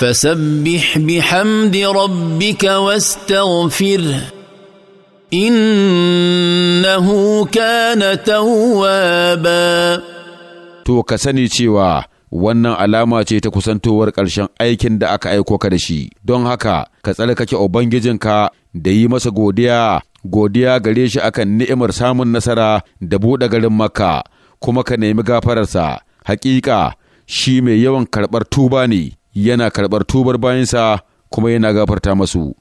فسبح بحمد ربك واستغفره إنه كان توابا to ka sani cewa wannan alama ce ta kusantowar ƙarshen aikin da aka aiko ka da shi don haka ka tsarkake ubangijinka da yi masa godiya godiya gare shi akan ni'imar samun nasara da buɗe garin makka kuma ka nemi gafararsa haƙiƙa shi mai yawan karɓar tuba ne yana karɓar tubar bayansa kuma yana gafarta masu.